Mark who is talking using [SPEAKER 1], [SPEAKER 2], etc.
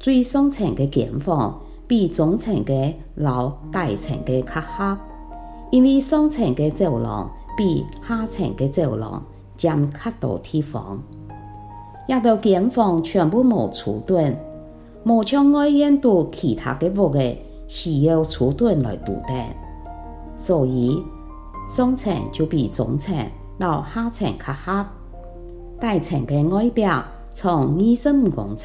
[SPEAKER 1] 最上層的間房比中層的老大層的較狹，因為上層的走廊比下層的走廊占較多地方。壓到間房全部冇儲噸，冇像外院到其他嘅屋嘅需要儲噸來度電，所以上層就比中層老下層較狹。大層嘅外表從二十五公尺。